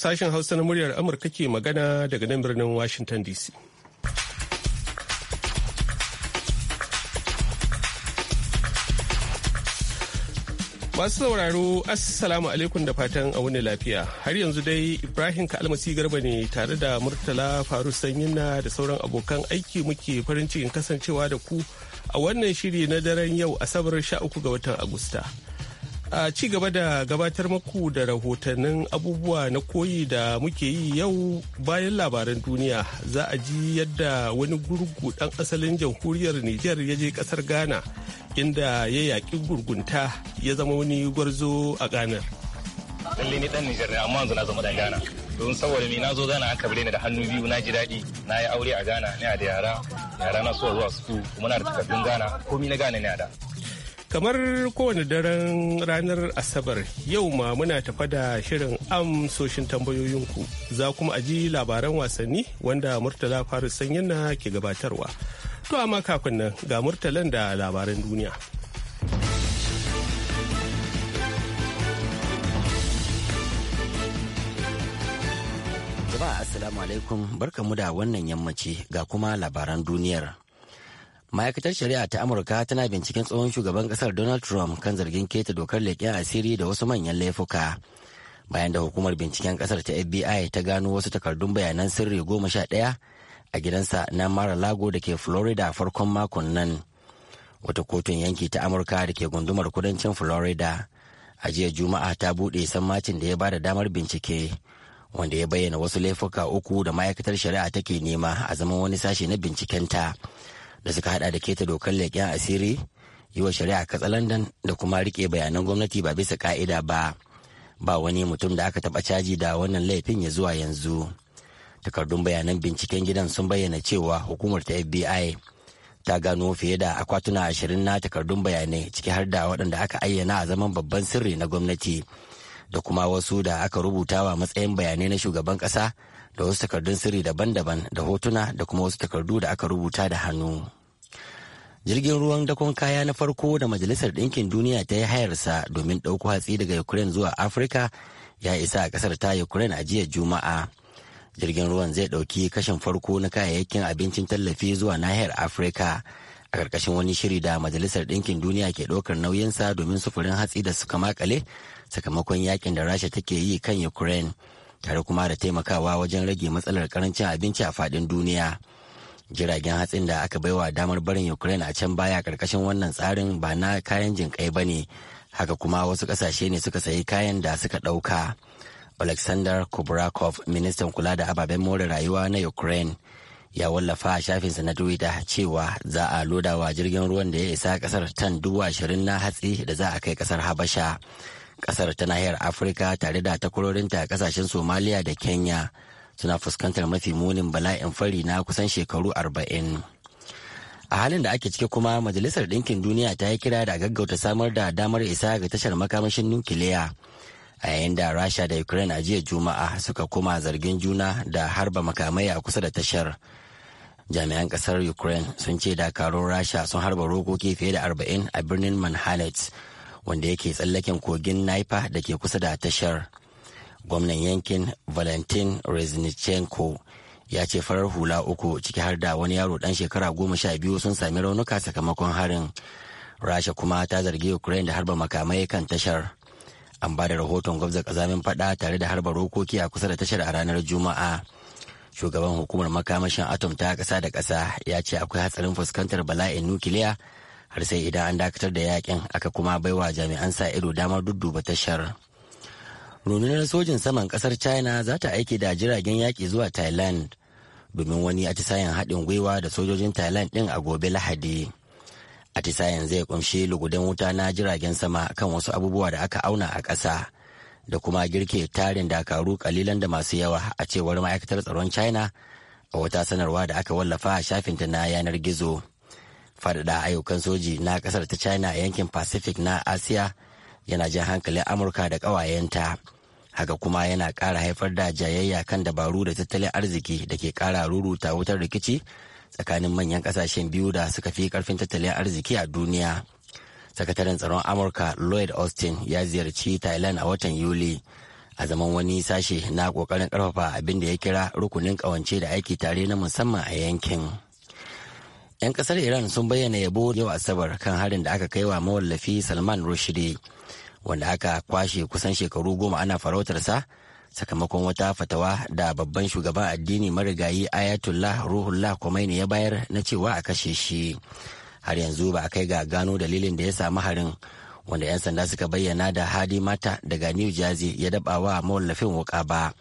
Sashen Hausa na muryar Amurka ke magana daga nan birnin Washington DC. Masu sauraro, Assalamu alaikum da fatan a wani lafiya. Har yanzu dai Ibrahim Kalmasi Garba ne tare da Murtala Faru na da sauran abokan aiki muke farin cikin kasancewa da ku a wannan shiri na daren yau Asabar 13 ga watan Agusta. a ci gaba da gabatar maku da rahotannin abubuwa na koyi da muke yi yau bayan labaran duniya za a ji yadda wani gurgu dan asalin jamhuriyar niger ya je kasar ghana inda ya yaƙi gurgunta ya zama wani gwarzo a ni dan niger ne amma yanzu na zama dan ghana don saboda me na zo ghana aka bare ni da hannu biyu na ji daɗi na yi aure a ghana a da yara yara na so zuwa su kuma na da takardun ghana komi na ghana ne da kamar kowane daren ranar asabar yau ma muna tafa da shirin amsoshin tambayoyinku za kuma aji labaran wasanni wanda murtala faris sanyin na ke gabatarwa to amma kafin nan ga murtalan da labaran duniya jama'a assalamu alaikum barkamu da wannan yammaci ga kuma labaran duniyar ma'aikatar shari'a ta amurka tana binciken tsohon shugaban kasar donald trump kan zargin keta dokar leƙen asiri da wasu manyan laifuka bayan da hukumar binciken kasar ta fbi ta gano wasu takardun bayanan sirri goma sha ɗaya a gidansa na mara lago da ke florida farkon makon nan wata kotun yanki ta amurka da ke gundumar kudancin florida a jiya juma'a ta buɗe sammacin da ya ba da damar bincike wanda ya bayyana wasu laifuka uku da ma'aikatar shari'a take nema a zaman wani sashe na bincikenta. ta da suka hada da keta dokar leƙen asiri yi wa shari'a katsalandan da kuma rike bayanan gwamnati ba bisa ka'ida ba ba wani mutum da aka taba caji da wannan laifin ya zuwa yanzu takardun bayanan binciken gidan sun bayyana cewa hukumar ta fbi ta gano fiye da akwatuna ashirin na takardun bayanai ciki har da waɗanda aka ayyana a zaman babban sirri na gwamnati da kuma wasu da aka rubuta wa matsayin bayanai na shugaban ƙasa da wasu takardun sirri daban-daban da hotuna da kuma wasu takardu da aka rubuta da hannu. Jirgin ruwan dakon kaya na farko da Majalisar Ɗinkin Duniya ta yi hayarsa domin ɗauko hatsi daga Ukraine zuwa Afirka ya isa a ƙasar ta Ukraine a jiya Juma'a. Jirgin ruwan zai ɗauki kashin farko na kayayyakin abincin tallafi zuwa nahiyar Afirka a ƙarƙashin wani shiri da Majalisar Ɗinkin Duniya ke ɗaukar nauyinsa domin sufurin hatsi da suka makale sakamakon yakin da Rasha take yi kan Ukraine. tare kuma da taimakawa wajen rage matsalar karancin abinci a faɗin duniya jiragen hatsin da aka baiwa damar barin ukraine a can baya karkashin wannan tsarin ba na kayan jinkai ba ne haka kuma wasu ƙasashe ne suka sayi kayan da suka ɗauka alexander kubrakov ministan kula da ababen more rayuwa na ukraine ya wallafa a shafinsa na twitter cewa za a loda wa jirgin ruwan da ya isa kasar tan dubu ashirin na hatsi da za a kai kasar habasha kasar ta nahiyar afirka tare da takwarorinta a kasashen somaliya da kenya suna fuskantar mafi munin bala'in fari na kusan shekaru arba'in. a halin da ake ciki kuma majalisar ɗinkin duniya ta yi kira da gaggauta samar da damar isa ga tashar makamashin nukiliya a yayin da rasha da ukraine a jiya juma'a suka koma zargin juna da harba makamai a kusa da tashar jami'an kasar ukraine sun ce dakarun rasha sun harba rokoki fiye da arba'in a birnin manhattan wanda yake tsallaken kogin naifa da ke kusa da tashar gwamnan yankin valentin reznichenko ya ce farar hula uku ciki har da wani yaro dan shekara goma sha biyu sun sami raunuka sakamakon harin rasha kuma ta zargi ukraine da harba makamai kan tashar an ba da rahoton gwamza kazamin fada tare da harba rokoki a kusa da tashar a ranar juma'a shugaban hukumar makamashin atom ta kasa da kasa ya ce akwai hatsarin fuskantar bala'in nukiliya har sai idan an dakatar da yakin aka kuma baiwa jami'an sa ido damar dudduba tashar rundunar sojin saman kasar china za ta aiki da jiragen yaki zuwa thailand domin wani atisayen haɗin gwiwa da sojojin thailand ɗin a gobe lahadi atisayen zai kunshi lugudan wuta na jiragen sama kan wasu abubuwa da aka auna a ƙasa da kuma girke tarin dakaru kalilan da masu yawa a cewar ma'aikatar tsaron china a wata sanarwa da aka wallafa a shafinta na yanar gizo faɗaɗa ayyukan soji na ƙasar ta china a yankin pacific na asiya yana jan hankalin amurka da ƙawayenta haka kuma yana ƙara haifar da jayayya kan dabaru da tattalin arziki da ke ƙara ruruta wutar rikici tsakanin manyan ƙasashen biyu da suka fi ƙarfin tattalin arziki a duniya sakataren tsaron amurka lloyd austin ya ziyarci thailand a watan yuli a zaman wani sashe na ƙoƙarin ƙarfafa abin da ya kira rukunin ƙawance da aiki tare na musamman a yankin. 'Yan kasar Iran sun bayyana yabo yau Asabar kan harin da aka kai wa mawallafi Salman Rushdie wanda aka kwashe kusan shekaru goma ana farautarsa sakamakon wata fatawa da babban shugaban addini marigayi Ayatollah Ruhullah Khomeini ya bayar na cewa a kashe shi. Har yanzu ba a kai ga gano dalilin da ya samu harin wanda 'yan sanda suka bayyana da Hadi Mata daga New Jersey ya daba wa mawallafin wuka ba.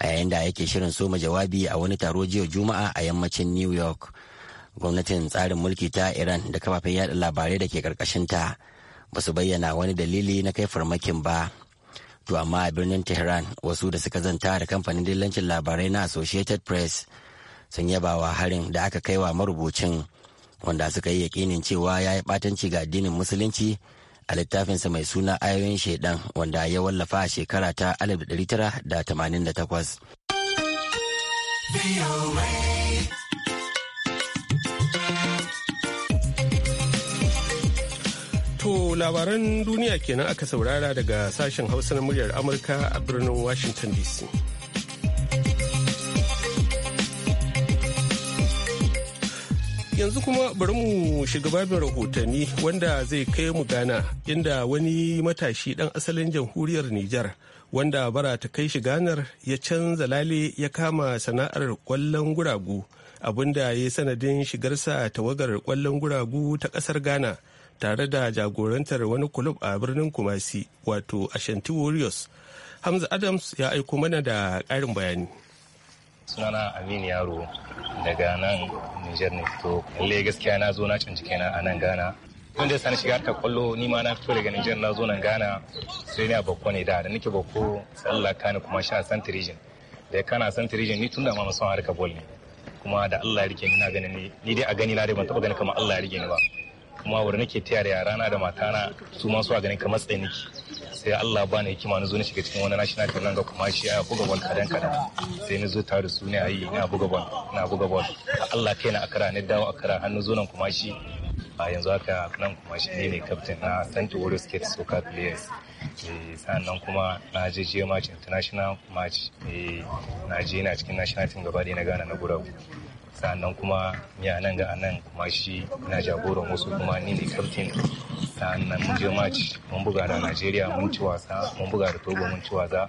a yayin da yake shirin soma jawabi a wani taro jiya juma'a a yammacin new york gwamnatin tsarin mulki ta iran da kafafen yada labarai da ke karkashinta ba su bayyana wani dalili na kai farmakin ba to amma a birnin tehran wasu da suka zanta da kamfanin dillancin labarai na associated press sun yaba wa harin da aka kai wa marubucin wanda suka yi yakinin cewa ya yi ɓatanci ga addinin musulunci a littafinsa mai suna ayoyin shaidan wanda ya wallafa a shekara ta 1988 To labaran duniya kenan aka saurara daga sashen Hausa na muryar Amurka a birnin Washington DC. Yanzu kuma bari mu shiga babin rahotanni wanda zai kai mu gana inda wani matashi ɗan asalin jamhuriyar Nijar wanda bara ta kai shi ganar ya canza lale ya kama sana'ar kwallon guragu abinda ya yi sanadin shigarsa tawagar kwallon guragu ta ƙasar Ghana. tare da jagorantar wani kulub a birnin kumasi wato ashanti warriors hamza adams ya aiko mana da ƙarin bayani sunana amin yaro daga nan niger ne fito kalle gaskiya na zo na canji kaina a nan ghana wanda ya sani shiga harkar kwallo ni ma na fito daga niger na zo nan ghana sai ni a bakko ne da da nake bakko sallah kani kuma sha san region da kana san region ni tun da ma musamman harkar bol ne kuma da allah ya rike ni na gani ni dai a gani na dai ban taɓa gani kamar allah ya rike ni ba kuma wurin nake tayar yarana da matana su ma su a ganin kamar tsaye nake sai Allah ba ni hikima na zo na shiga cikin wani national team nan ga kuma shi a buga ball kadan kadan sai na zo tare da su ne a yi ina buga ball ina buga ball Allah kai na akara ne dawo akara hannu zo nan kuma shi a yanzu haka nan kuma shi ne ne captain na Saint Louis State Soccer Players eh, sannan kuma na je je match international match eh, na je na cikin national team gaba na gana na Guragu sannan kuma ya nan ga nan kuma shi na jagoran wasu kuma ni ne kaftin sannan mun je match mun buga da Najeriya mun ci wasa mun buga da Togo mun ci wasa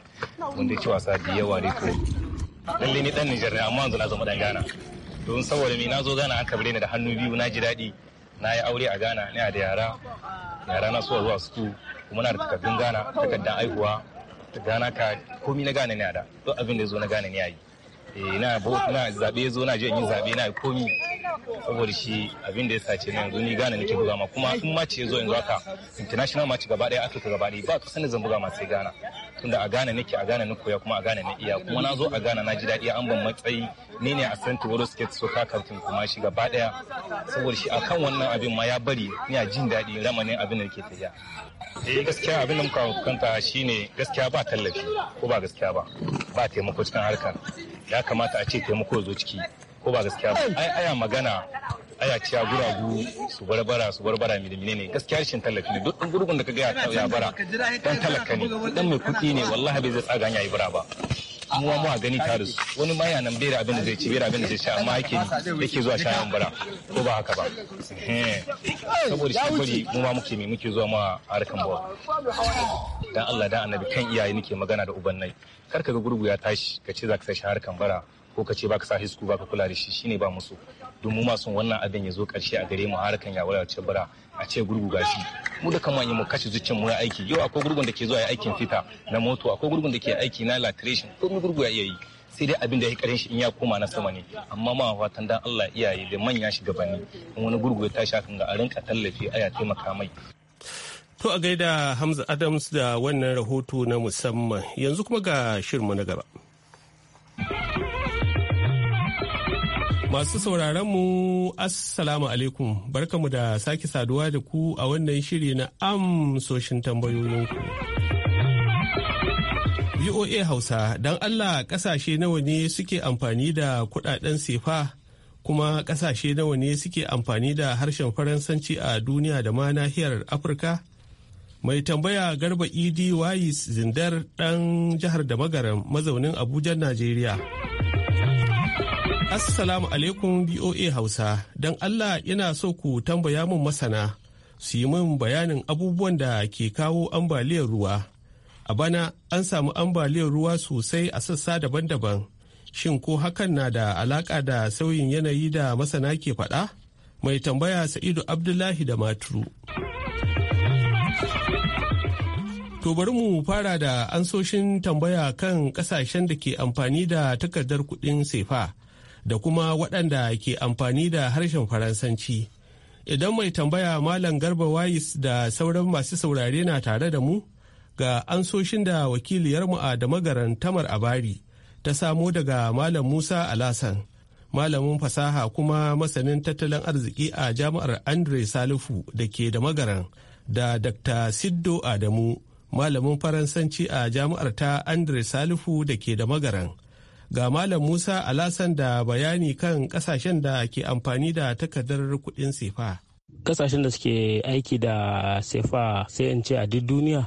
mun dai ci wasa da yawa dai to dan ni dan Nijar ne amma yanzu na zama dan Ghana don saboda me na zo Ghana aka bare ni da hannu biyu na ji dadi na yi aure a Ghana ina da yara yara na so zuwa su kuma na da takardun Ghana takardun aihuwa Ghana ka komi na Ghana ne da duk abin da zo na Ghana ne yayi Eh, na na zabe zo na je in yi zabe na komi saboda shi abin da ya sace na yanzu ni gane nake buga ma kuma in mace ya zo yanzu haka international match gaba daya Africa gaba daya ba ka sanin zan buga ma sai gana tunda a Ghana nake a Ghana na koya kuma a Ghana na iya kuma na zo a Ghana na ji daɗi an ban matsayi ne ne a Saint World Skate Soccer Captain kuma shi gaba daya saboda shi akan wannan abin ma ya bari ni a jin daɗi ramanin abin da nake tafiya eh gaskiya abin da muka kanta shine gaskiya ba tallafi ko ba gaskiya ba ba taimako cikin harkar ya kamata a ce taimako zo ciki ko ba gaskiya ba ai aya magana aya ciya guragu su barbara su barbara mi da mine ne gaskiya rashin tallafi ne duk gurgun da ka ga ya bara dan talaka ne dan mai kuɗi ne wallahi bai zai tsaga ya yi bara ba mu ma mu gani taris wani ma nan bera abin da zai ci bera abin da zai ci amma yake yake zuwa shayan bara ko ba haka ba eh. saboda shi bari mu ma muke muke zuwa ma harkan bawa dan Allah dan annabi kan iyaye nake magana da ubannai kar ka ga gurgu ya tashi ka ce za ka sashi harkan bara ko ka ce ba ka sa hisku ba ka kula da shi shine ba musu don mu ma sun wannan abin ya zo karshe a gare mu harkan ya wala bara a ce gurgu gashi mu da kamar mu kashe zuciyar mu ya aiki yau akwai gurgun da ke zuwa ya aikin fita na moto akwai gurgun da ke aiki na latration ko mu gurgu ya iya yi sai dai abin da ya karin shi in ya koma na sama ne amma ma fatan dan Allah iyaye da manya shi shugabanni in wani gurgu ya tashi kan ga a rinka tallafi aya taimaka mai To a gaida Hamza Adams da wannan rahoto na musamman yanzu kuma ga shirmu na gaba. Masu sauraron mu Assalamu alaikum barkamu da sake saduwa da ku a wannan shiri na amsoshin ku VOA Hausa don Allah kasashe nawa ne suke amfani da kudaden sefa kuma kasashe nawa ne suke amfani da harshen Faransanci a duniya da ma nahiyar Afirka? Mai tambaya Garba Idi Wayis Zindar ɗan jihar da magaram mazaunin Abuja, Najeriya. Assalamu alaikum BOA Hausa, don Allah yana so ku tambaya mun masana su yi mun bayanin abubuwan da ke kawo ambaliyar ruwa. A bana an samu ambaliyar ruwa sosai a sassa daban-daban. Shin ko hakan na da alaƙa da sauyin yanayi da masana ke faɗa? Mai tambaya Sa'idu Abdullahi da Maturu. To bari mu fara da ansoshin tambaya kan kasashen da ke amfani da takardar kuɗin sefa da kuma waɗanda ke amfani da harshen faransanci idan mai tambaya malam garba wayis da sauran masu saurare na tare da mu ga ansoshin da wakiliyarmu a da magaran tamar abari ta samo daga malam musa alasan malamin fasaha kuma masanin tattalin arziki a jami'ar andre salifu da ke da magaran da dr siddo adamu malamin faransanci a jami'ar ta andre salifu da ke da magaran ga Malam Musa Alasan da bayani kan kasashen da ke amfani da takardar kuɗin sefa. Kasashen da suke aiki da sefa sai in ce a duk duniya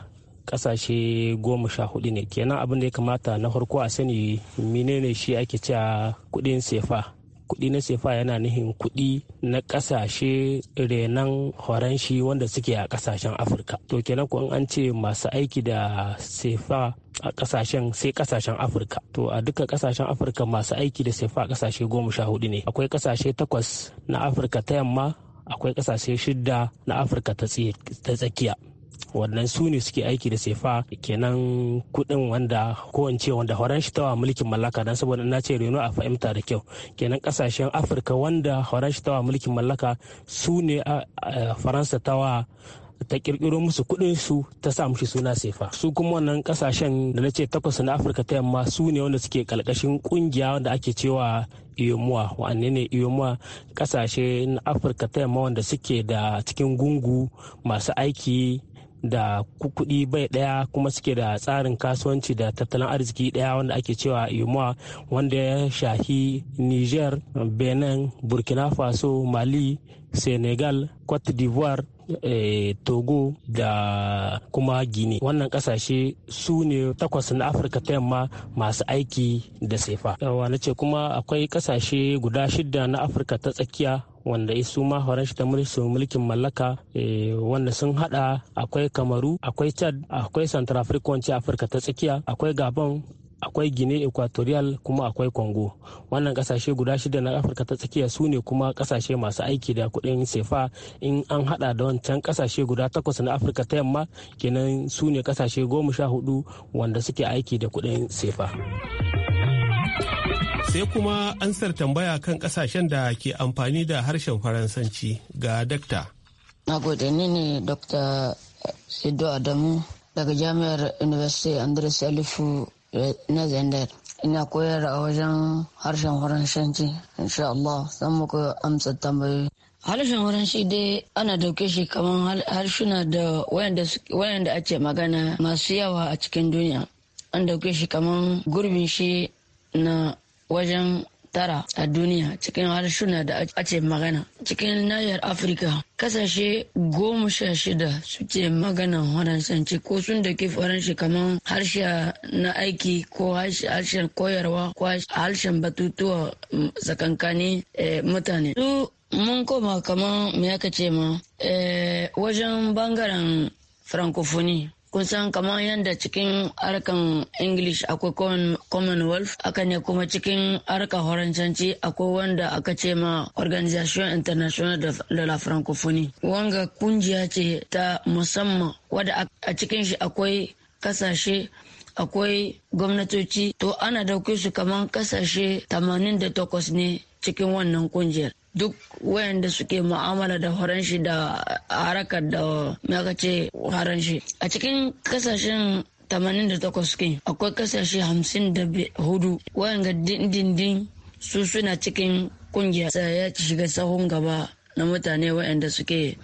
kasashe goma sha hudu ne kenan abin da ya kamata na farko a sani menene shi ake cewa kuɗin sefa kuɗi na sefa yana nihin kuɗi na kasashe renan horon shi wanda suke a kasashen afirka to kenan ko an ce masu aiki da sefa a kasashen sai kasashen afirka to a duka kasashen afirka masu aiki da sefa kasashe goma sha hudu ne akwai kasashe takwas na afirka ta yamma akwai kasashe shida na afirka ta tsakiya wannan su ne suke aiki da sefa kenan kudin wanda kowance wanda horon shi tawa mulkin mallaka don saboda na ce reno a fahimta da kyau kenan kasashen afirka wanda horon shi tawa mulkin mallaka su ne faransa tawa ta kirkiro musu kuɗin su ta sa mushi suna sefa su kuma wannan kasashen da na ce takwas na afirka ta yamma su ne wanda suke karkashin kungiya wanda ake cewa iyomuwa wa'anne ne iyomuwa kasashe na afirka ta yamma wanda suke da cikin gungu masu aiki da kuɗi bai ɗaya kuma suke da tsarin kasuwanci da tattalin arziki ɗaya wanda ake cewa iyomuwa wanda ya shahi niger benin burkina faso mali senegal cote d'ivoire eh, togo da kuma gini wannan kasashe su ne takwas na afirka ta yamma masu aiki da sefa na ce kuma akwai kasashe guda shida na afirka ta tsakiya wanda isu ma horon shi ta mulkin mallaka eh, wanda sun hada akwai kamaru akwai chad akwai central africa afirka ta tsakiya akwai gabon akwai gine equatorial kuma akwai congo wannan kasashe guda shida na afirka ta tsakiya su ne kuma kasashe masu aiki da kuɗin sefa in an hada da wancan kasashe guda takwas na afirka ta yamma kenan su ne kasashe goma sha hudu wanda suke aiki da kuɗin sefa sai kuma ansar tambaya kan kasashen da ke amfani da harshen faransanci ga dakta na gode ni ne dr sido adamu daga jami'ar university andres alifu na zender ina koyar a wajen harshen faransanci insha Allah zan muku amsa tambayoyi harshen faransanci dai ana dauke shi kamar harshuna da wayanda a ake magana masu yawa a cikin duniya an dauke shi kamar gurbin shi na wajen tara a duniya cikin harsuna da ake magana cikin nahiyar afirka kasashe goma sha shida suke magana faransanci ko sun da ke faranshi kamar harshe na aiki ko harshen koyarwa ko harshen batutuwa tsakankani eh, mutane su mun koma kamar me aka ce ma eh, wajen bangaren francophonie kun san kamar yadda cikin harkan english akwai commonwealth aka ne kuma cikin harkar horancanci akwai wanda aka ce ma organization international de la francophonie wanga kungiya ce ta musamman wadda a cikin shi akwai kasashe akwai gwamnatoci to ana dauke su kamar kasashe 88 ne cikin wannan kungiyar duk wayanda suke mu'amala da faranshi da harakar da maka ce faranshi a cikin kasashen 88 suke akwai kasashe 54 wayanga dindindin su suna cikin kungiya ya shiga sahun gaba na mutane wayanda suke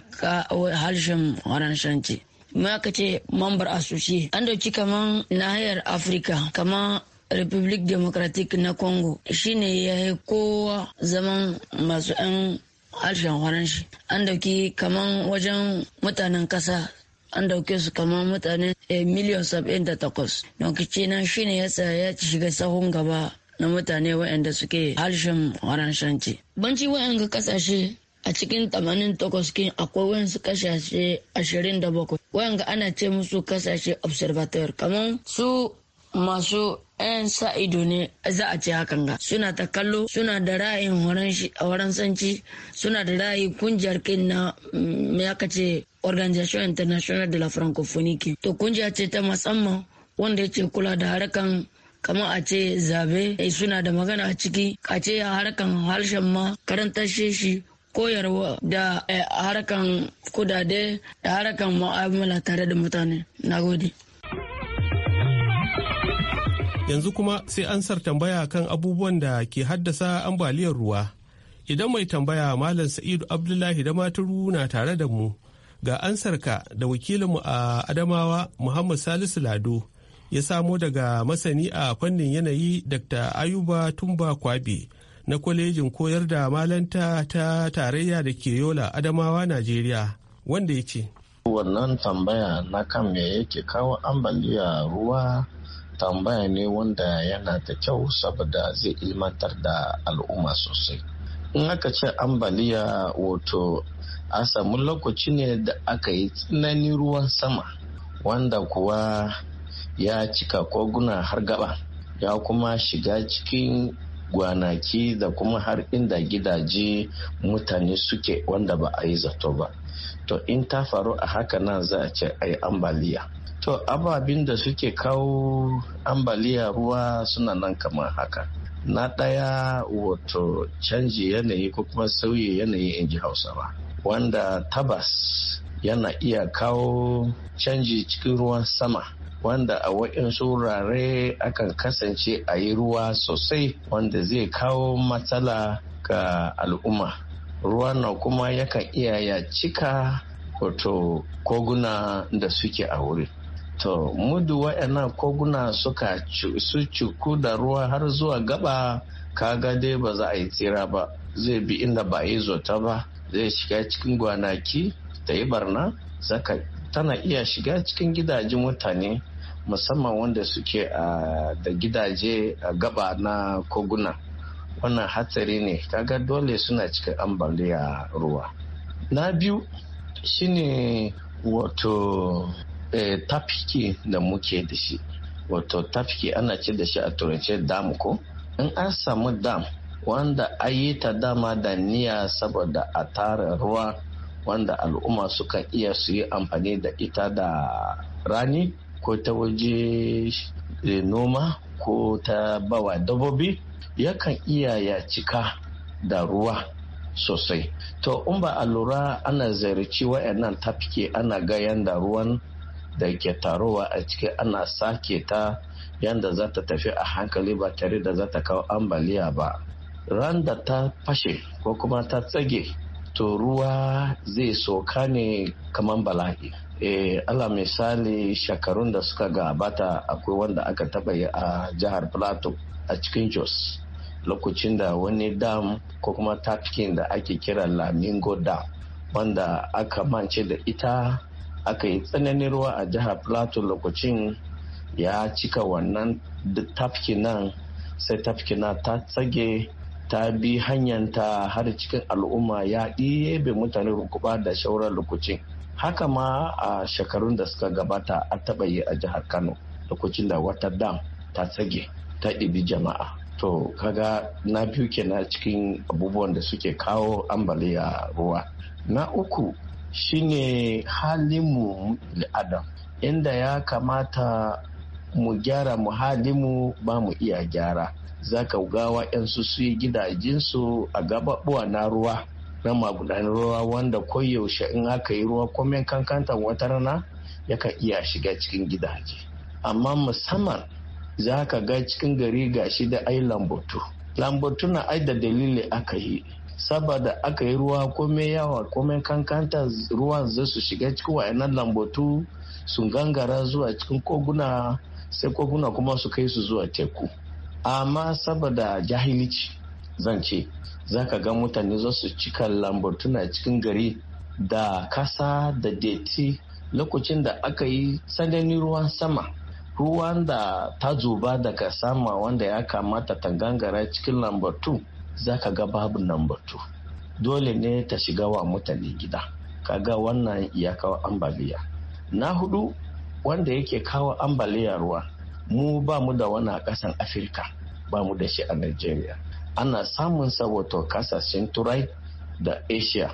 harshen faranshanci maka ce mambar asushi an dauki kaman nahiyar afirka kaman republic democratic na congo shine ya yi kowa zaman masu 'yan harshen faranshi an dauki kaman wajen mutanen kasa an dauke su kamar mutane eh, miliyan saba'in da takwas nan kenan shine ya ya shiga sahun gaba na mutane waɗanda suke harshen faranshanci banci waɗanda kasashe a cikin 88 kin akwai wayansu kasashe 27 wayanga ana ce musu kasashe observator kamar su masu 'yan sa ido ne za a ce hakan ga suna ta kallo suna da ra'ayin faransanci suna da ra'ayi kungiyar kai na ya mm, ce organization international de la francophonie to kungiya ce ta musamman wanda ya ce kula da harkan kamar a ce zabe eh, suna da magana a ciki a ce harkan harshen ma karanta sheshi koyarwa da eh, harkan kudade da harkan mu'amala tare da mutane nagode Yanzu kuma sai ansar tambaya kan abubuwan da ke haddasa ambaliyar ruwa. Idan mai tambaya Malam Sa'idu Abdullahi da Maturu na tare da mu ga ansarka da wakilinmu a Adamawa Muhammad Salisu Lado ya samo daga masani a fannin yanayi Dr. Ayuba Tumba Kwabe. na kwalejin koyar da malanta ta tarayya da ke yola adamawa najeriya wanda ya ce wannan tambaya na kan me yake kawo ambaliya ruwa tambaya ne wanda yana da kyau saboda zai ilmantar da al'umma sosai in aka ce ambaliya wato a samu lokaci ne da aka yi tsananin ruwan sama wanda kuwa ya cika koguna har gaba ya kuma shiga cikin gwanaki da kuma har inda gidaje mutane suke wanda ba a yi zato ba to in ta faru a haka nan za a ce ai ambaliya To ababin da suke kawo ambaliya ruwa suna nan kamar haka. Na ɗaya wato canji yanayi ko kuma sauyi yanayi in ji Hausawa. Wanda tabas yana iya kawo canji cikin ruwan sama. Wanda a waɗansu wurare akan kasance a yi ruwa sosai wanda zai kawo matsala ga al'umma. Ruwa na kuma yakan iya ya cika wato koguna da suke a wurin. to mudu wa'annan koguna suka su cuku da ruwa har zuwa gaba kaga dai ba za a yi tsira ba zai bi inda ba a yi zota ba zai shiga cikin gwanaki ta yi barna zaka tana iya shiga cikin gidajen mutane musamman wanda suke da gidaje a gaba na koguna wannan hatsari ne kaga dole suna cikin ambaliya ruwa na biyu shine wato Eh, tafki da muke da shi wato tafki ana ce da shi a turance dam ko in an samu dam wanda a ta dama da niya saboda a tara ruwa wanda al'umma suka iya su yi amfani da ita da rani ko ta waje eh, noma ko ta bawa dabobi yakan iya ya cika da ruwa sosai to in ba a lura ana ziyarci wayannan tafke ana ga yanda ruwan da ke tarowa a ciki ana sake ta yadda za ta tafi a hankali ba tare da za ta kawo ambaliya ba ran da ta fashe ko kuma ta tsage to ruwa zai soka ne kamar bala'i e, eh, ala misali shekarun da suka gabata akwai wanda aka taba yi a jihar plateau a cikin jos lokacin da wani dam ko kuma tafkin da ake kira lamingo dam wanda aka mance da ita aka yi tsananin ruwa a jihar plateau lokacin ya cika wannan tafki nan sai tafki na ta tsage ta bi hanyanta har cikin al'umma ya ɗebe mutane rukuba da shauran lokacin haka ma a shekarun da suka gabata a taɓa yi a jihar kano lokacin da wata dam ta tsage ta ɗibi jama'a to kaga na biyu kenan cikin abubuwan da suke kawo ambaliya ruwa na uku shine halinmu adam inda ya kamata mu gyara mu mu ba mu iya gyara za ka gawa 'yansu su yi gidajensu a gababuwa na ruwa na magudanar ruwa wanda koyaushe in aka yi ruwa komen kankantan wata rana yaka iya shiga cikin gidaje amma musamman za ka ga cikin gari gashi da ai lambatu lambatu na ai da dalili aka yi saboda aka yi ruwa komai yawa komai kankanta ruwan zai su shiga cikin wainan lambatu su gangara zuwa cikin koguna sai koguna kuma su kai su zuwa teku amma saboda jahilici zan ce za ka ga mutane za su cika na cikin gari da kasa da deti lokacin da aka yi sanani ruwan sama ruwan da ta zuba daga sama wanda ya kamata ta gangara cikin lambatu za ka ga babu number two dole ne ta shiga wa mutane gida kaga wannan ya kawo ambaliya na hudu wanda yake kawo ambaliya ruwa mu ba mu da wani a kasan afirka ba mu da shi a nigeria ana samun saboda kasashen turai da asia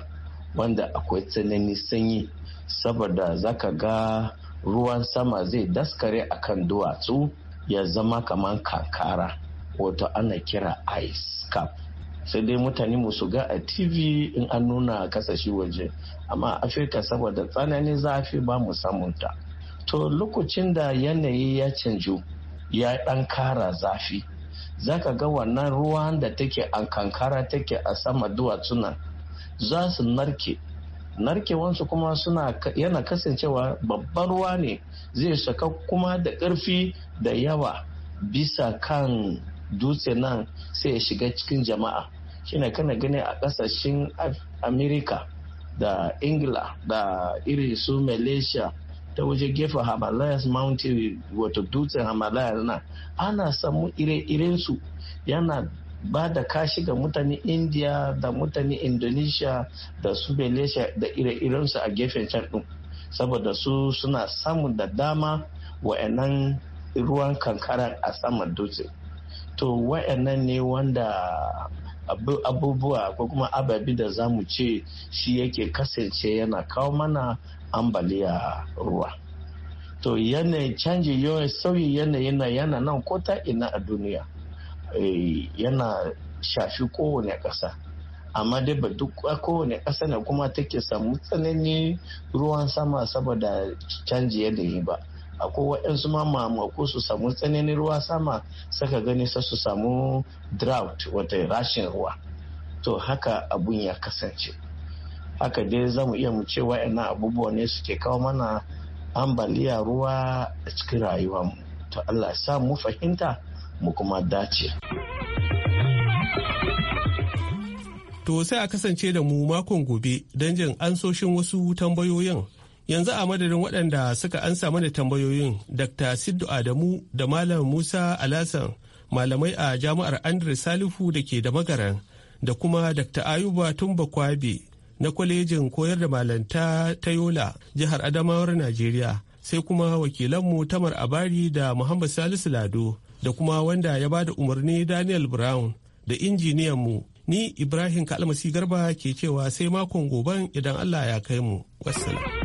wanda akwai tsanani sanyi saboda zaka ga ruwan sama zai daskare a kan duwatsu ya zama kamar kankara wato ana kira ice cap sai dai mutane mu su ga a tv in an nuna kasashe waje amma afirka saboda tsananin zafi ba mu samunta to lokacin da yanayi ya canju ya dan kara zafi zaka ga wannan ruwan da take a kankara take a sama duwatsuna za su narke narkewansu kuma suna yana kasancewa babban ruwa ne zai saka kuma da ƙarfi da yawa bisa kan dutse nan sai ya shiga cikin jama'a shine kana gani a kasashen america da ingila da irin su malaysia ta waje gefen himalayas mountain wato dutsen himalayas na ana samu ire su yana ba da kashi ga mutane india da mutane indonesia da su malaysia da ire su a gefen can din saboda su suna samun da dama wa'annan ruwan kankara a saman dutse to wa'annan ne wanda abubuwa ko kuma ababi da za mu ce shi yake kasance yana kawo mana ambaliya ruwa to yanayin canji yawan sauyi yanayin yana nan ko ta ina a duniya eh, yana shafi kowane ƙasa amma dai ba duk kowane ƙasa na kuma take samu tsananin ruwan sama saboda canji yanayi ba akwai waɗansu ma mamako su samu tsananin ruwa sama saka gani sa su samu drought wata rashin ruwa to haka abun ya kasance haka dai za mu iya mu ce ina abubuwa ne suke kawo mana ambaliya ruwa a cikin rayuwarmu to allah sa mu fahimta mu kuma dace to sai a kasance da mu makon gobe don jin ansoshin wasu tambayoyin yanzu a madadin waɗanda suka ansa mana tambayoyin dr siddu adamu da malam musa alasan malamai a jami'ar andre salihu da ke da magaran da kuma dr ayuba tumba kwabe na kwalejin koyar da malanta ta yola jihar adamawar najeriya sai kuma wakilanmu tamar abari da muhammad salisu lado da kuma wanda ya ba da umarni daniel brown da injiniyanmu ni ibrahim kalmasi garba ke cewa sai makon goban idan allah ya kai mu wassalam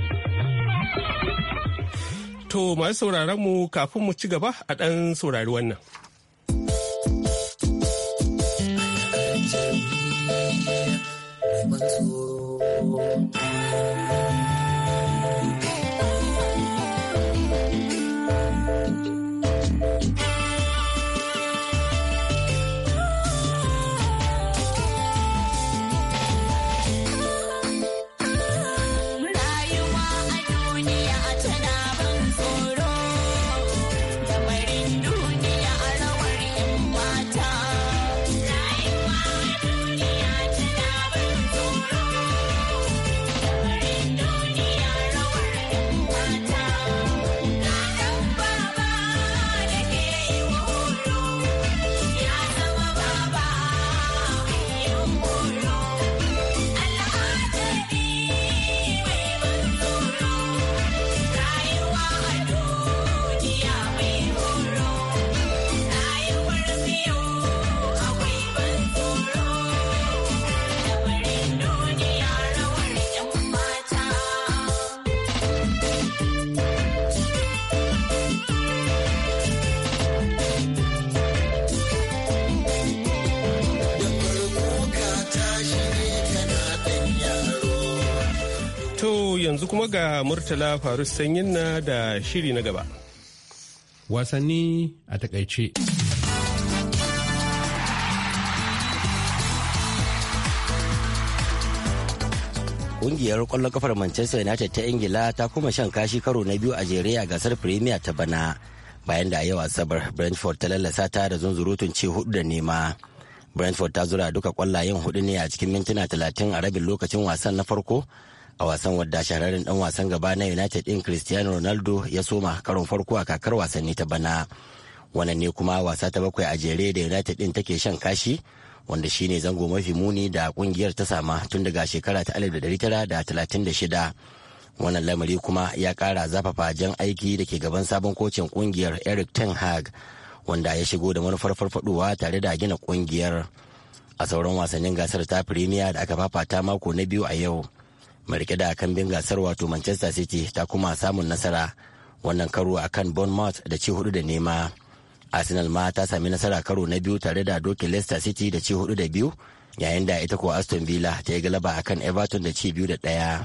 To masu sauraron mu kafin mu ci gaba a ɗan saurari wannan. Thank you. yanzu kuma ga murtala faru sanyin na da shiri na gaba wasanni a takaice kungiyar kwallon kafar manchester united ta ingila ta kuma shan kashi karo na biyu a jeriya gasar premier ta bana bayan da a yau asabar brentford ta lallasa ta da zunzurutun ce hudu da nema brentford ta zura duka kwallayen hudu ne a cikin mintuna talatin a rabin lokacin wasan na farko a wasan wadda shahararren dan wasan gaba na united in cristiano ronaldo ya soma karon farko a kakar wasanni ta bana wannan ne kuma wasa ta bakwai a jere da united din take shan kashi wanda shine zango mafi muni da kungiyar ta sama tun daga shekara ta 1936 wannan lamari kuma ya kara zafafa jan aiki da ke gaban sabon kocin kungiyar eric ten hag wanda ya shigo da manufar farfaduwa tare da gina kungiyar a sauran wasannin gasar ta premier da aka fafata mako na biyu a yau mai rike da bin gasar wato manchester city ta kuma samun nasara wannan karo a kan bournemouth da ci hudu da nema arsenal ma ta sami nasara karo na biyu tare da doki leicester city da ci hudu da biyu yayin da ita ko aston villa ta yi galaba a kan everton da ci biyu da daya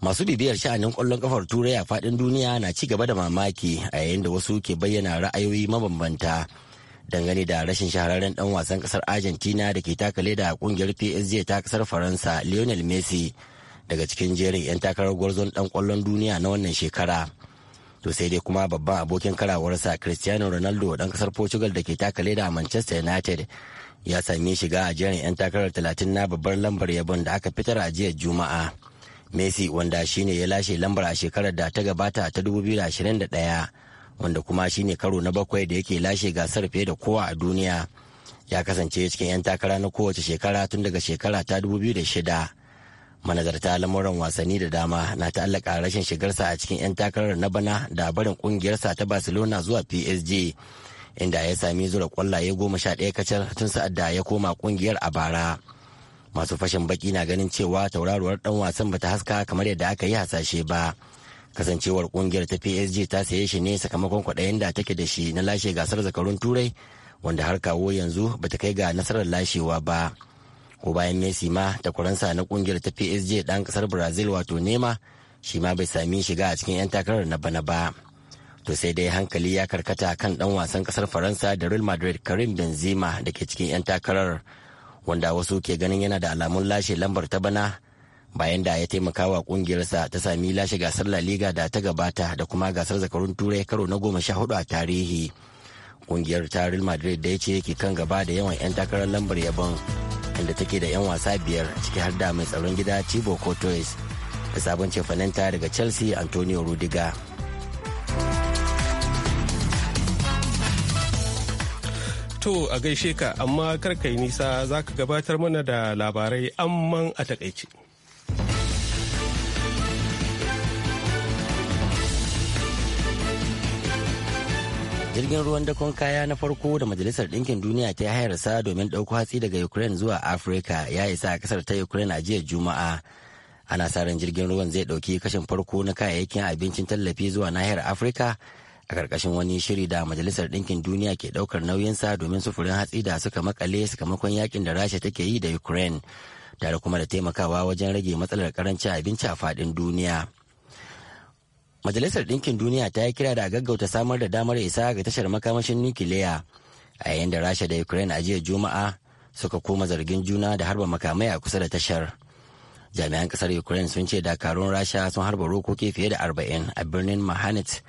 masu bibiyar sha'anin kwallon kafar turai a fadin duniya na ci gaba da mamaki a yayin da wasu ke bayyana ra'ayoyi mabambanta dangane da rashin shahararren dan wasan kasar argentina da ke takale da a kungiyar psg ta kasar faransa lionel messi daga cikin jerin 'yan takarar gwarzon dan kwallon duniya na wannan shekara to sai dai kuma babban abokin karawarsa cristiano ronaldo dan kasar portugal da ke taka leda a manchester united ya sami shiga a jerin 'yan takarar 30 na babbar lambar yabon da aka fitar a jiya juma'a messi wanda shine ya lashe lambar a shekarar da ta gabata ta 2021 wanda kuma shine karo na bakwai da yake lashe gasar fiye da kowa a duniya ya kasance cikin 'yan takara na kowace shekara tun daga shekara ta 2006 manazarta lamuran wasanni da dama na ta'allaka rashin shigarsa a cikin 'yan takarar na bana da barin kungiyarsa ta barcelona zuwa psg inda ya sami zura kwallaye goma sha ɗaya kacal tun sa'ad da ya koma kungiyar a bara masu fashin baki na ganin cewa tauraruwar dan wasan bata haska kamar yadda aka yi hasashe ba kasancewar kungiyar ta psg ta saye shi ne sakamakon kwaɗayin da take da shi na lashe gasar zakarun turai wanda har kawo yanzu bata kai ga nasarar lashewa ba. ko bayan messi ma takwaransa na kungiyar ta psg dan kasar brazil wato nema shi ma bai sami shiga a cikin 'yan takarar na bana ba to sai dai hankali ya karkata kan dan wasan kasar faransa da real madrid karim benzema da ke cikin 'yan takarar wanda wasu ke ganin yana da alamun lashe lambar ta bana bayan da ya taimaka wa kungiyarsa ta sami lashe gasar La Liga da ta gabata da kuma gasar zakarun turai karo na goma sha hudu a tarihi. Kungiyar ta Real Madrid da ya ce ke kan gaba da yawan 'yan takarar lambar yabon da take da 'yan wasa biyar ciki har da mai tsaron gida tibo courtois da sabon cefanenta daga chelsea antonio rudiga to a gaishe ka amma karkai nisa za ka gabatar mana da labarai amman a takaice. jirgin ruwan dakon kaya na farko da majalisar ɗinkin duniya ta hayarsa domin ɗauko hatsi daga ukraine zuwa afirka ya isa a kasar ta ukraine a jiya juma'a ana sa ran jirgin ruwan zai ɗauki kashin farko na kayayyakin abincin tallafi zuwa nahiyar afirka a ƙarƙashin wani shiri da majalisar Dinkin duniya ke ɗaukar nauyinsa domin sufurin hatsi da suka makale sakamakon yakin da rasha take yi da ukraine tare kuma da taimakawa wajen rage matsalar karancin abinci a faɗin duniya. majalisar ɗinkin duniya ta yi kira da gaggauta samar da damar isa ga tashar makamashin nukiliya a yayin da rasha da ukraine a jiya juma'a suka koma zargin juna da harba makamai a kusa da tashar jami'an kasar ukraine sun ce dakarun rasha sun harba rokoki fiye da arba'in a birnin mahanit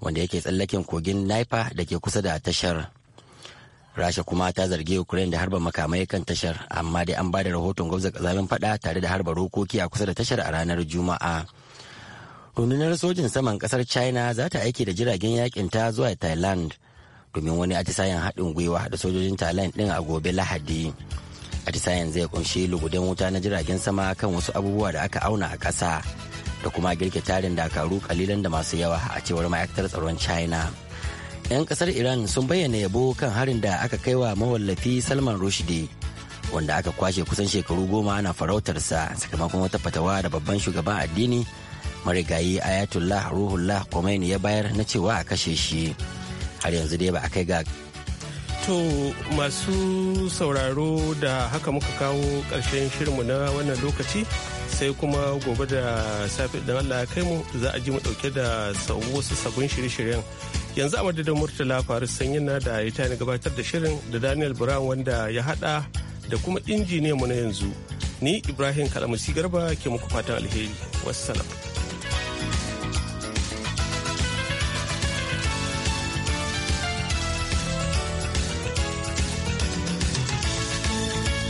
wanda yake tsallaken kogin naifa da ke kusa da tashar rasha kuma ta zargi ukraine da harba makamai kan tashar amma dai an ba da rahoton gwamnati kazamin fada tare da harba rokoki a kusa da tashar a ranar juma'a rundunar sojin saman kasar china za ta aiki da jiragen yakin ta zuwa thailand domin wani atisayen haɗin gwiwa da sojojin thailand ɗin a gobe lahadi atisayen zai kunshi lugudan wuta na jiragen sama kan wasu abubuwa da aka auna a ƙasa da kuma girke tarin dakaru kalilan da masu yawa a cewar ma'aikatar tsaron china 'yan kasar iran sun bayyana yabo kan harin da aka kai wa mawallafi salman rushdie wanda aka kwashe kusan shekaru goma ana farautarsa sakamakon wata fatawa da babban shugaban addini marigayi ayatullah ruhullah Khomeini ya bayar na cewa a kashe shi har yanzu dai ba a kai ga To masu sauraro da haka muka kawo ƙarshen shirinmu na wannan lokaci sai kuma gobe da safe da Allah ya kai mu za a ji mu dauke da wasu sabon shirye-shiryen. Yanzu a madadin Murtala Faris Sanyina da ya tani gabatar da shirin da Daniel Brown wanda ya hada da kuma injiniyanmu na yanzu. Ni Ibrahim kalamusi Garba ke muku fatan alheri. Wassalam.